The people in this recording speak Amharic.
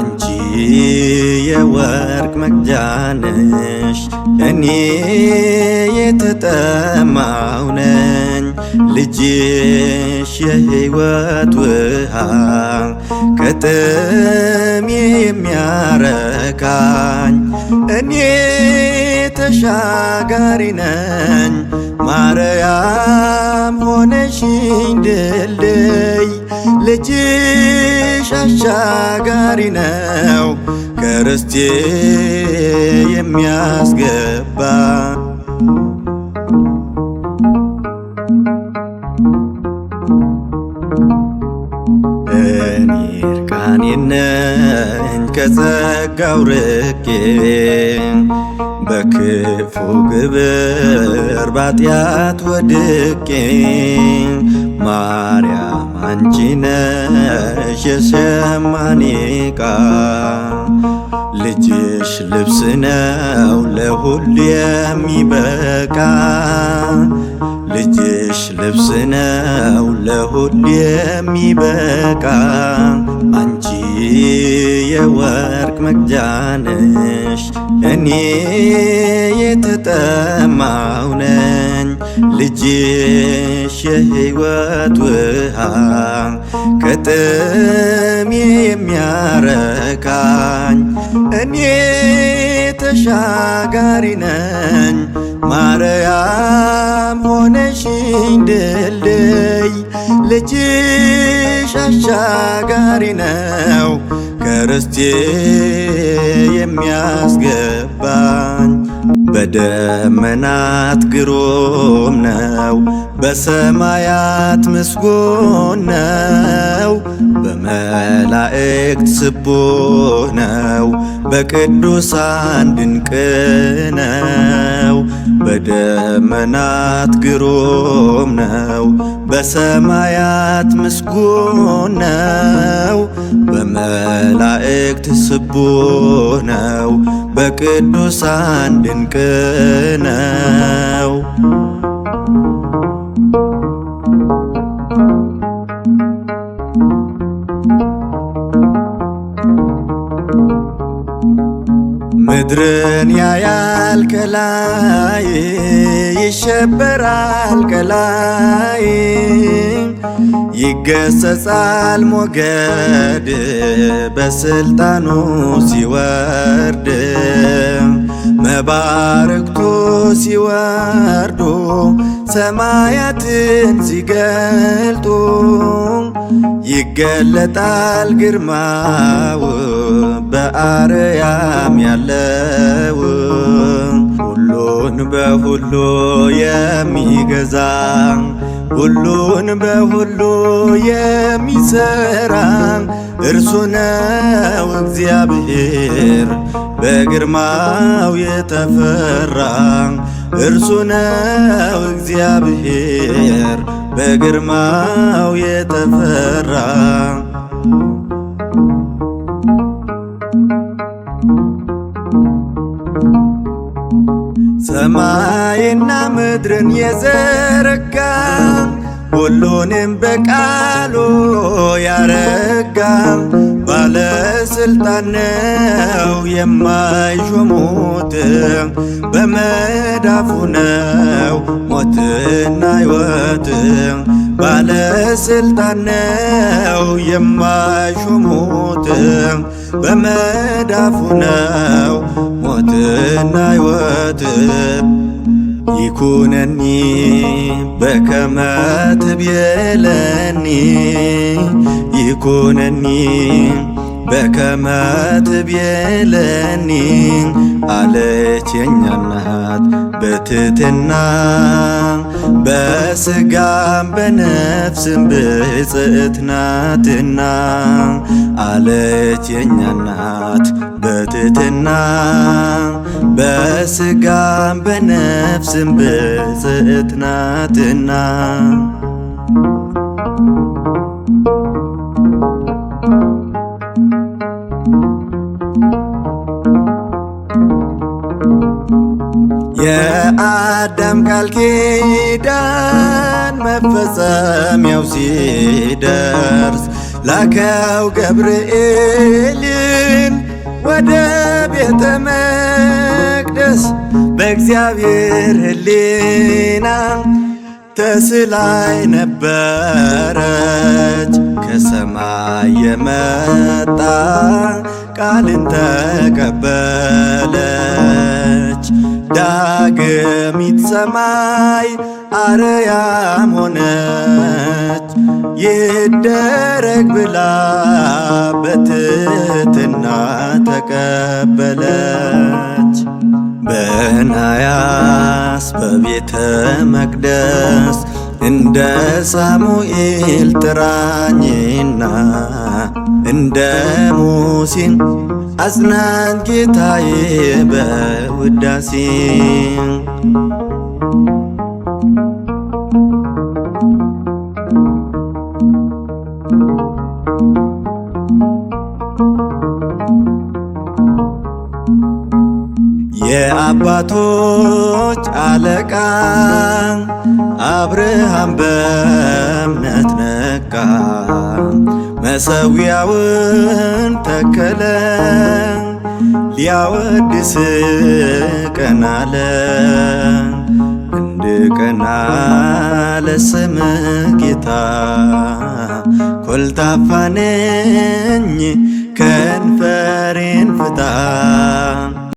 አንቺ የወርቅ መግጃነሽ እኔ የተጠማው ነኝ ልጅሽ የሕይወት ውሃ ከጥም የሚያረካኝ እኔ ተሻጋሪ ነኝ ማርያም ሆነሽ ድልድይ ልጅሽ አሻጋሪ ነው ከርስቴ የሚያስገባ እኔ ከጸጋው ርቄ በክፉ ግብር ባጢአት ወድቄ ማርያም አንቺ ነሽ የሰማኔ ቃል ልጅሽ ልብስ ነው ለሁሉ የሚበቃ ልጅሽ ልብስ ነው ለሁሉ የሚበቃ አንቺ የወርቅ መግጃነሽ እኔ የተጠማው ነኝ ልጅሽ የሕይወት ውሃ ከጥሜ የሚያረካኝ እኔ ተሻጋሪ ነኝ ማርያም ሆነሽኝ ድልድይ ልጅሽ አሻጋሪ ነው ከርስቴ የሚያስገባኝ በደመናት ግሩም ነው፣ በሰማያት ምስጉን ነው፣ በመላእክት ስቡህ ነው፣ በቅዱሳን ድንቅ ነው። በደመናት ግሩም ነው፣ በሰማያት ምስጉን ነው፣ በመላእክት ስቡህ ነው፣ በቅዱሳን ድንቅ ነው። ምድርን ያያል ከላይ ይሸበራል ከላይ ይገሰጻል ሞገድ በስልጣኑ ሲወርድ መባረክቱ ሲወርዱ ሰማያትን ሲገልጡ ይገለጣል ግርማው በአርያም ያለው ሁሉን በሁሉ የሚገዛ ሁሉን በሁሉ የሚሰራ እርሱ ነው እግዚአብሔር በግርማው የተፈራ እርሱ ነው እግዚአብሔር በግርማው የተፈራ ሰማይና ምድርን የዘረጋ ሁሉንም በቃሉ ያረጋ ባለስልጣን ነው የማይሾሙት፣ በመዳፉ ነው ሞትና ሕይወት። ባለስልጣን ነው የማይሾሙት፣ በመዳፉ ነው ሞትና ሕይወት። ይኩነኒ በከመ ትቤለኒ ይኩነኒ በከመ ትቤለኒ አለች የኛ እናት በትትና በስጋም በነፍስም ብጽዕት ናትና አለች የኛ እናት በትትና በስጋም በነፍስም ብጽዕት ናትና የአዳም ቃል ኪዳን መፈጸሚያው ሲደርስ ላከው ገብርኤልን ወደ ቤተ መቅደስ በእግዚአብሔር ሕሊና ተስላይ ነበረች ከሰማይ የመጣ ቃልን ተቀበለ ዳግሚት ሰማይ አርያም ሆነች ይደረግ ብላ በትህትና ተቀበለች። በናያስ በቤተ መቅደስ እንደ ሳሙኤል ጥራኝና እንደ ሙሴ አጽናን ጌታዬ በውዳሴ የአባቶች አለቃ አብርሃም በእምነት ነቃ መሰዊያውን ተከለ ሊያወድስ ቀናለ አለ እንድቀና ለስም ጌታ ኮልታፋ ነኝ ከንፈሬን ፍታ